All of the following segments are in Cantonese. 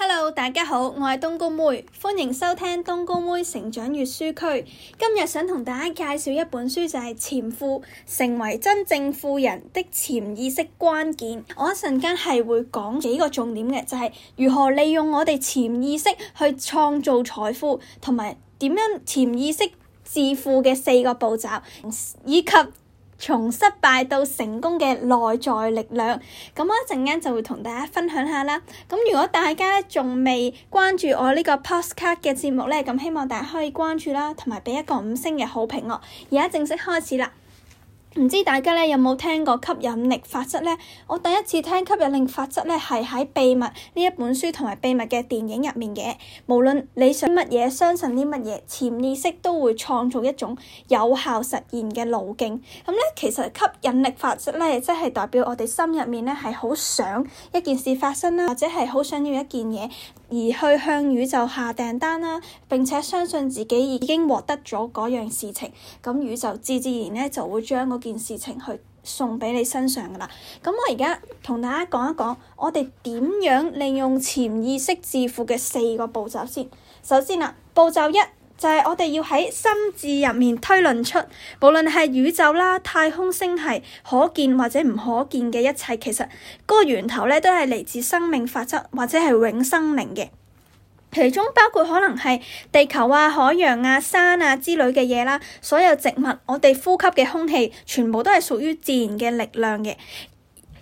Hello，大家好，我係冬菇妹，歡迎收聽冬菇妹成長閱書區。今日想同大家介紹一本書就係、是《潛富》，成為真正富人的潛意識關鍵。我一陣間係會講幾個重點嘅，就係、是、如何利用我哋潛意識去創造財富，同埋點樣潛意識致富嘅四個步驟，以及。從失敗到成功嘅內在力量，咁我一陣間就會同大家分享下啦。咁如果大家咧仲未關注我呢個 Podcast 嘅節目咧，咁希望大家可以關注啦，同埋俾一個五星嘅好評哦。而家正式開始啦！唔知大家咧有冇聽過吸引力法則呢？我第一次聽吸引力法則咧係喺《秘密》呢一本書同埋《秘密》嘅電影入面嘅。無論你想乜嘢，相信啲乜嘢，潛意識都會創造一種有效實現嘅路徑。咁、嗯、咧，其實吸引力法則咧，即係代表我哋心入面咧係好想一件事發生啦，或者係好想要一件嘢。而去向宇宙下訂單啦，並且相信自己已經獲得咗嗰樣事情，咁宇宙自自然呢就會將嗰件事情去送畀你身上㗎喇。咁我而家同大家講一講，我哋點樣利用潛意識致富嘅四個步驟先。首先啦，步驟一。就係我哋要喺心智入面推論出，無論係宇宙啦、太空星系、可見或者唔可見嘅一切，其實嗰個源頭咧都係嚟自生命法則或者係永生靈嘅，其中包括可能係地球啊、海洋啊、山啊之類嘅嘢啦，所有植物、我哋呼吸嘅空氣，全部都係屬於自然嘅力量嘅。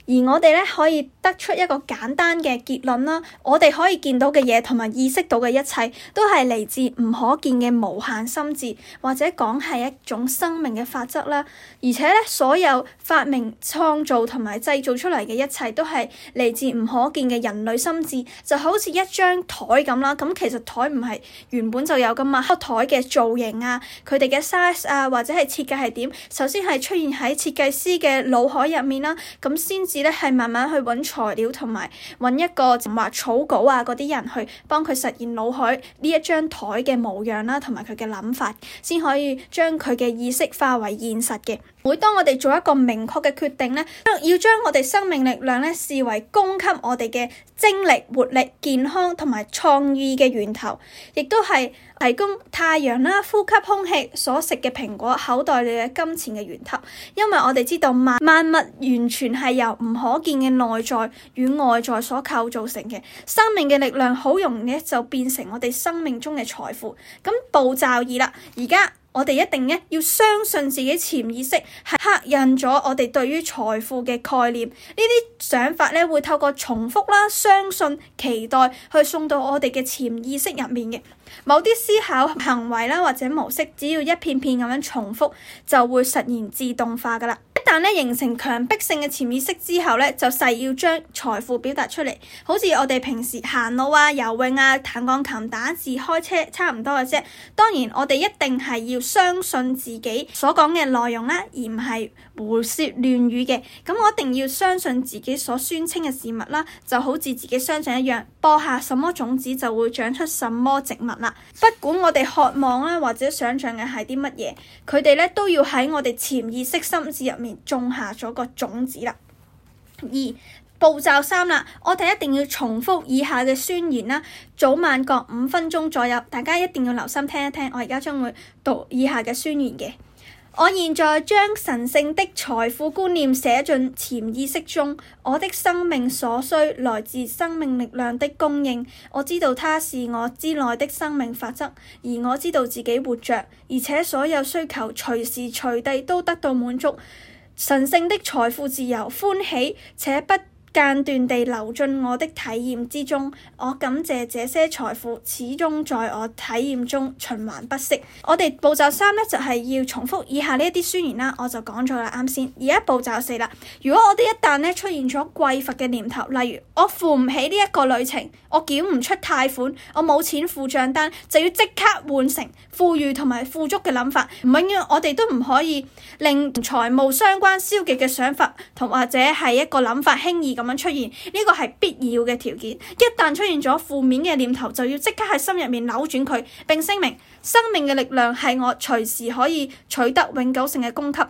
而我哋咧可以得出一個簡單嘅結論啦，我哋可以見到嘅嘢、同埋意識到嘅一切，都係嚟自唔可見嘅無限心智，或者講係一種生命嘅法則啦。而且咧，所有發明、創造同埋製造出嚟嘅一切都係嚟自唔可見嘅人類心智，就好似一張台咁啦。咁其實台唔係原本就有噶嘛，個台嘅造型啊，佢哋嘅 size 啊，或者係設計係點，首先係出現喺設計師嘅腦海入面啦，咁先至。咧係慢慢去揾材料同埋揾一個畫草稿啊，嗰啲人去幫佢實現腦海呢一張台嘅模樣啦，同埋佢嘅諗法，先可以將佢嘅意識化為現實嘅。每當我哋做一個明確嘅決定，呢要將我哋生命力量呢視為供給我哋嘅精力、活力、健康同埋創意嘅源頭，亦都係提供太陽啦、呼吸空氣、所食嘅蘋果、口袋裏嘅金錢嘅源頭。因為我哋知道萬萬物完全係由唔可見嘅內在與外在所構造成嘅，生命嘅力量好容易就變成我哋生命中嘅財富。咁步驟二啦，而家，我哋一定要相信自己潛意識係刻印咗我哋對於財富嘅概念，呢啲想法咧會透過重複啦、相信、期待去送到我哋嘅潛意識入面嘅。某啲思考行為啦，或者模式，只要一片片咁樣重複，就會實現自動化噶啦。一旦咧形成強迫性嘅潛意識之後咧，就誓要將財富表達出嚟，好似我哋平時行路啊、游泳啊、彈鋼琴打、打字、開車差唔多嘅啫。當然，我哋一定係要相信自己所講嘅內容啦，而唔係，胡說亂語嘅，咁我一定要相信自己所宣稱嘅事物啦，就好似自己相信一樣，播下什麼種子就會長出什麼植物啦。不管我哋渴望啦或者想象嘅係啲乜嘢，佢哋咧都要喺我哋潛意識心智入面種下咗個種子啦。二步驟三啦，我哋一定要重複以下嘅宣言啦，早晚各五分鐘左右。大家一定要留心聽一聽，我而家將會讀以下嘅宣言嘅。我現在將神聖的財富觀念寫進潛意識中，我的生命所需來自生命力量的供應。我知道它是我之內的生命法則，而我知道自己活着，而且所有需求隨時隨地都得到滿足。神聖的財富自由、歡喜且不間斷地流進我的體驗之中，我感謝這些財富始終在我體驗中循環不息。我哋步驟三咧就係要重複以下呢一啲宣言啦，我就講咗啦啱先。而家步驟四啦，如果我哋一旦咧出現咗匱乏嘅念頭，例如我付唔起呢一個旅程，我繳唔出貸款，我冇錢付賬單，就要即刻換成富裕同埋富足嘅諗法。唔，永遠我哋都唔可以令財務相關消極嘅想法同或者係一個諗法輕易咁。咁出現呢個係必要嘅條件，一旦出現咗負面嘅念頭，就要即刻喺心入面扭轉佢，並聲明生命嘅力量係我隨時可以取得永久性嘅供給。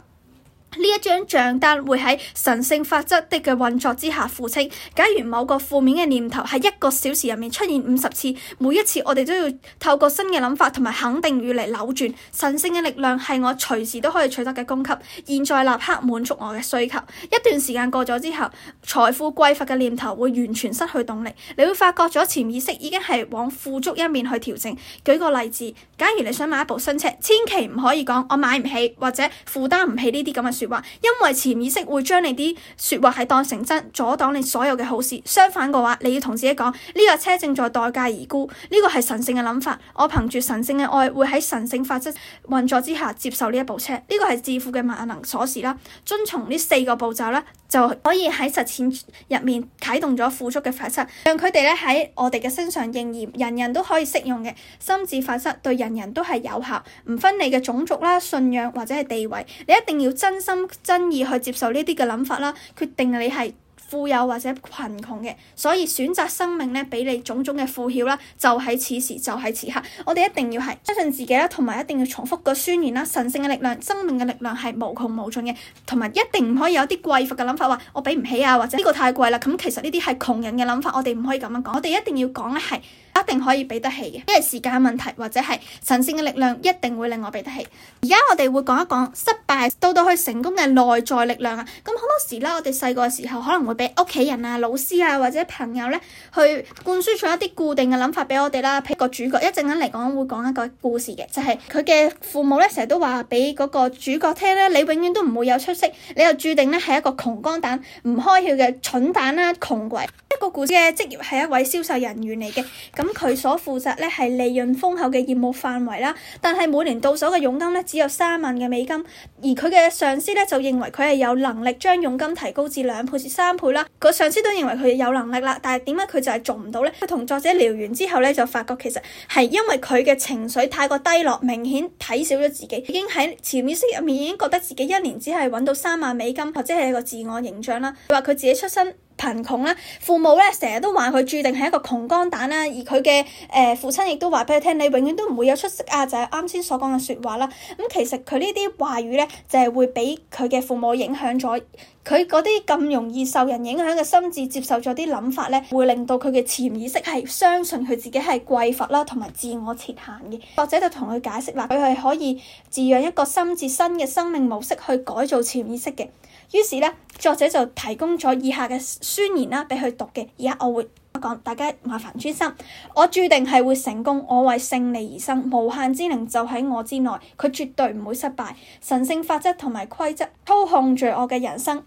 呢一張帳單會喺神聖法則的嘅運作之下付清。假如某個負面嘅念頭喺一個小時入面出現五十次，每一次我哋都要透過新嘅諗法同埋肯定語嚟扭轉。神聖嘅力量係我隨時都可以取得嘅供給。現在立刻滿足我嘅需求。一段時間過咗之後，財富匱乏嘅念頭會完全失去動力。你會發覺咗潛意識已經係往富足一面去調整。舉個例子，假如你想買一部新車，千祈唔可以講我買唔起或者負擔唔起呢啲咁嘅説。因為潛意識會將你啲說話係當成真，阻擋你所有嘅好事。相反嘅話，你要同自己講，呢架車正在待價而沽，呢個係神聖嘅諗法。我憑住神聖嘅愛，會喺神聖法則運作之下接受呢一部車。呢個係致富嘅萬能鎖匙啦，遵從呢四個步驟啦。就可以喺實踐入面啟動咗富足嘅法則，讓佢哋咧喺我哋嘅身上應驗，人人都可以適用嘅心智法則，對人人都係有效，唔分你嘅種族啦、信仰或者係地位，你一定要真心真意去接受呢啲嘅諗法啦，決定你係。富有或者貧窮嘅，所以選擇生命咧俾你種種嘅富饒啦，就喺此時就喺此刻，我哋一定要係相信自己啦，同埋一定要重複個宣言啦，神聖嘅力量、生命嘅力量係無窮無盡嘅，同埋一定唔可以有啲貴婦嘅諗法，話我俾唔起啊，或者呢個太貴啦，咁其實呢啲係窮人嘅諗法，我哋唔可以咁樣講，我哋一定要講咧係一定可以俾得起嘅，因為時間嘅問題或者係神聖嘅力量一定會令我俾得起。而家我哋會講一講失敗到到去成功嘅內在力量啊，咁好多時啦，我哋細個嘅時候可能會。俾屋企人啊、老師啊或者朋友咧，去灌輸咗一啲固定嘅諗法俾我哋啦。譬如個主角，一陣間嚟講會講一個故事嘅，就係佢嘅父母咧成日都話俾嗰個主角聽咧，你永遠都唔會有出息，你又注定咧係一個窮光蛋，唔開竅嘅蠢蛋啦，窮鬼。一個故事嘅職業係一位銷售人員嚟嘅，咁佢所負責咧係利潤豐厚嘅業務範圍啦，但係每年到手嘅佣金咧只有三萬嘅美金，而佢嘅上司咧就認為佢係有能力將佣金提高至兩倍至三倍。啦，個上司都認為佢有能力啦，但係點解佢就係做唔到咧？佢同作者聊完之後咧，就發覺其實係因為佢嘅情緒太過低落，明顯睇少咗自己，已經喺潛意識入面已經覺得自己一年只係揾到三萬美金，或者係一個自我形象啦。佢話佢自己出身貧窮啦，父母咧成日都話佢注定係一個窮光蛋啦，而佢嘅誒父親亦都話俾佢聽，你永遠都唔會有出息啊，就係啱先所講嘅説話啦。咁其實佢呢啲話語咧，就係會俾佢嘅父母影響咗，佢嗰啲咁容易受人影響嘅心智，接受咗啲諗法咧，會令到佢嘅潛意識係相信佢自己係匱乏啦，同埋自我設限嘅，或者就同佢解釋話，佢係可以自養一個心智新嘅生命模式去改造潛意識嘅。於是呢，作者就提供咗以下嘅宣言啦，俾佢讀嘅。而家我會講，大家麻煩專心。我注定係會成功，我為勝利而生，無限之靈就喺我之內，佢絕對唔會失敗。神聖法則同埋規則操控住我嘅人生，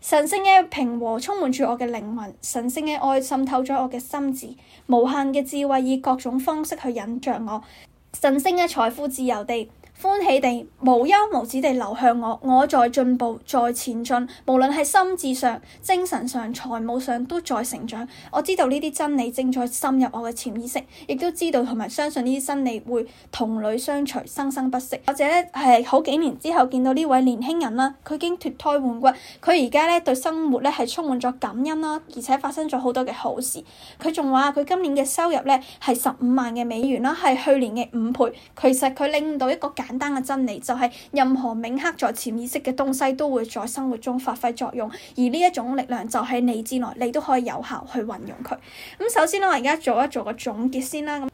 神聖嘅平和充滿住我嘅靈魂，神聖嘅愛滲透咗我嘅心智，無限嘅智慧以各種方式去引著我，神聖嘅財富自由地。歡喜地無憂無止地流向我，我在進步，在前進，無論係心智上、精神上、財務上都在成長。我知道呢啲真理正在深入我嘅潛意識，亦都知道同埋相信呢啲真理會同類相隨，生生不息。或者呢係好幾年之後見到呢位年輕人啦，佢已經脫胎換骨，佢而家呢，對生活呢係充滿咗感恩啦，而且發生咗好多嘅好事。佢仲話佢今年嘅收入呢係十五萬嘅美元啦，係去年嘅五倍。其實佢領悟到一個簡單嘅真理就係、是、任何銘刻在潛意識嘅東西都會在生活中發揮作用，而呢一種力量就係你之內，你都可以有效去運用佢。咁首先咧，我而家做一做個總結先啦。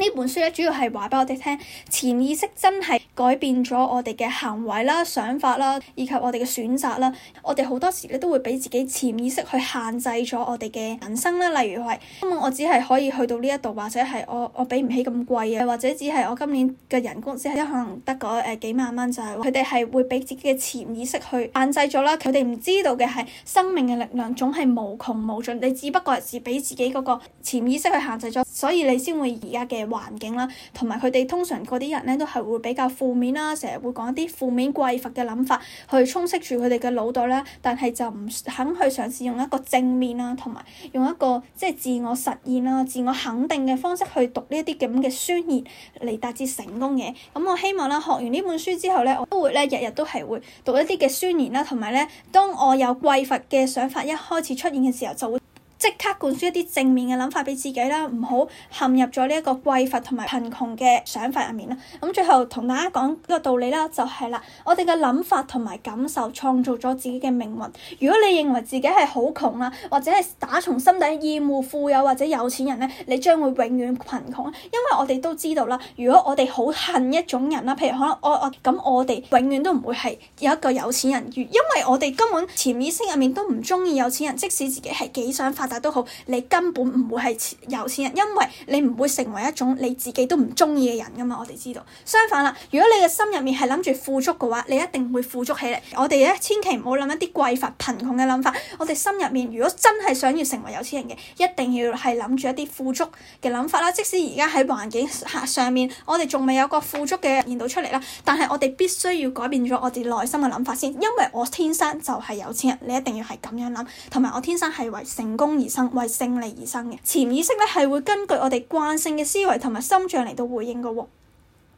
呢本書咧主要係話俾我哋聽，潛意識真係改變咗我哋嘅行為啦、想法啦，以及我哋嘅選擇啦。我哋好多時咧都會俾自己潛意識去限制咗我哋嘅人生啦。例如係，咁我只係可以去到呢一度，或者係我我俾唔起咁貴啊，或者只係我今年嘅人工只係一可能得嗰誒幾萬蚊，就係佢哋係會俾自己嘅潛意識去限制咗啦。佢哋唔知道嘅係生命嘅力量總係無窮無盡，你只不過係俾自己嗰個潛意識去限制咗。所以你先會而家嘅環境啦，同埋佢哋通常嗰啲人咧都係會比較負面啦，成日會講一啲負面匱乏嘅諗法去充斥住佢哋嘅腦袋啦。但係就唔肯去嘗試用一個正面啦，同埋用一個即係自我實現啦，自我肯定嘅方式去讀呢一啲咁嘅宣言嚟達至成功嘅。咁我希望啦，學完呢本書之後咧，我都會咧日日都係會讀一啲嘅宣言啦，同埋咧，當我有匱乏嘅想法一開始出現嘅時候就會。即刻灌輸一啲正面嘅諗法俾自己啦，唔好陷入咗呢一個匱乏同埋貧窮嘅想法入面啦。咁最後同大家講呢個道理啦，就係啦，我哋嘅諗法同埋感受創造咗自己嘅命運。如果你認為自己係好窮啦，或者係打從心底厭惡富有，或者有錢人呢，你將會永遠貧窮。因為我哋都知道啦，如果我哋好恨一種人啦，譬如可能我我咁，我哋永遠都唔會係有一個有錢人，因為我哋根本潛意識入面都唔中意有錢人，即使自己係幾想發。但都好，你根本唔會係有錢人，因為你唔會成為一種你自己都唔中意嘅人噶嘛。我哋知道，相反啦，如果你嘅心入面係諗住富足嘅話，你一定會富足起嚟。我哋咧千祈唔好諗一啲匱乏、貧窮嘅諗法。我哋心入面如果真係想要成為有錢人嘅，一定要係諗住一啲富足嘅諗法啦。即使而家喺環境上上面，我哋仲未有個富足嘅現到出嚟啦，但係我哋必須要改變咗我哋內心嘅諗法先。因為我天生就係有錢人，你一定要係咁樣諗，同埋我天生係為成功。生而生為勝利而生嘅潛意識咧，係會根據我哋慣性嘅思維同埋心象嚟到回應㗎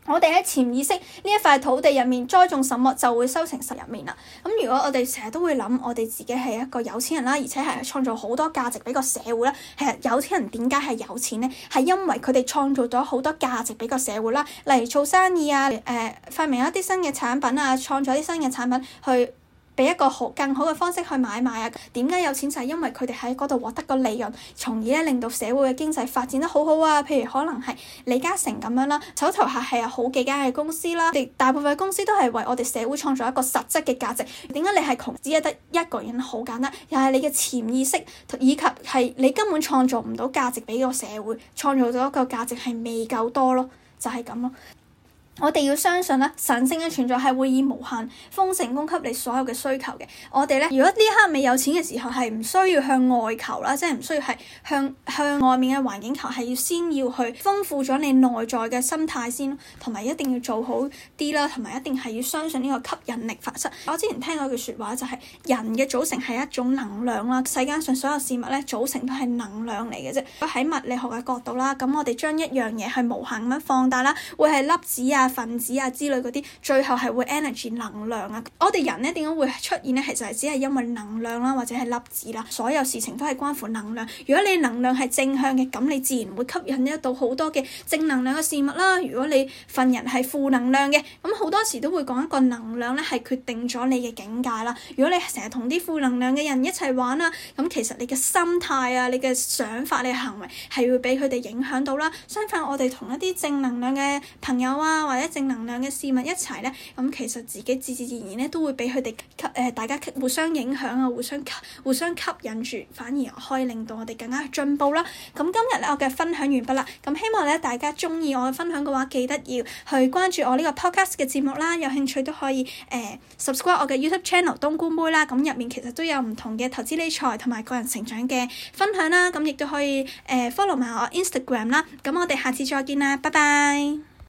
我哋喺潛意識呢一塊土地入面栽種什麼，就會收成什入面啦。咁如果我哋成日都會諗，我哋自己係一個有錢人啦，而且係創造好多價值俾個社會啦。其實有錢人點解係有錢呢？係因為佢哋創造咗好多價值俾個社會啦。例如做生意啊，誒、呃，發明一啲新嘅產品啊，創造一啲新嘅產品去。俾一個好更好嘅方式去買賣啊！點解有錢就係、是、因為佢哋喺嗰度獲得個利潤，從而咧令到社會嘅經濟發展得好好啊！譬如可能係李嘉誠咁樣啦，手頭下係有好幾間嘅公司啦，你大部分嘅公司都係為我哋社會創造一個實質嘅價值。點解你係窮？只係得一個人好簡單，又係你嘅潛意識以及係你根本創造唔到價值俾個社會，創造咗一個價值係未夠多咯，就係咁咯。我哋要相信咧，神聖嘅存在係會以無限豐盛供給你所有嘅需求嘅。我哋咧，如果呢刻未有錢嘅時候，係唔需要向外求啦，即係唔需要係向向外面嘅環境求，係要先要去豐富咗你內在嘅心態先，同埋一定要做好啲啦，同埋一定係要相信呢個吸引力法則。我之前聽過一句說話，就是，就係人嘅組成係一種能量啦，世間上所有事物咧組成都係能量嚟嘅啫。喺物理學嘅角度啦，咁我哋將一樣嘢係無限咁樣放大啦，會係粒子啊～啊、分子啊之類嗰啲，最後係會 energy 能量啊！我哋人咧點解會出現咧？其實係只係因為能量啦，或者係粒子啦，所有事情都係關乎能量。如果你能量係正向嘅，咁你自然會吸引得到好多嘅正能量嘅事物啦。如果你份人係負能量嘅，咁好多時都會講一個能量咧係決定咗你嘅境界啦。如果你成日同啲負能量嘅人一齊玩啊，咁其實你嘅心態啊、你嘅想法、你嘅行為，係會俾佢哋影響到啦。相反，我哋同一啲正能量嘅朋友啊，或者正能量嘅事物一齊呢，咁其實自己自自然然咧都會俾佢哋吸誒、呃，大家互相影響啊，互相吸互相吸引住，反而可以令到我哋更加進步啦。咁今日咧我嘅分享完畢啦，咁希望咧大家中意我嘅分享嘅話，記得要去關注我呢個 podcast 嘅節目啦。有興趣都可以誒 subscribe、呃、我嘅 YouTube channel 冬菇妹啦。咁入面其實都有唔同嘅投資理財同埋個人成長嘅分享啦。咁亦都可以、呃、follow 埋我 Instagram 啦。咁我哋下次再見啦，拜拜。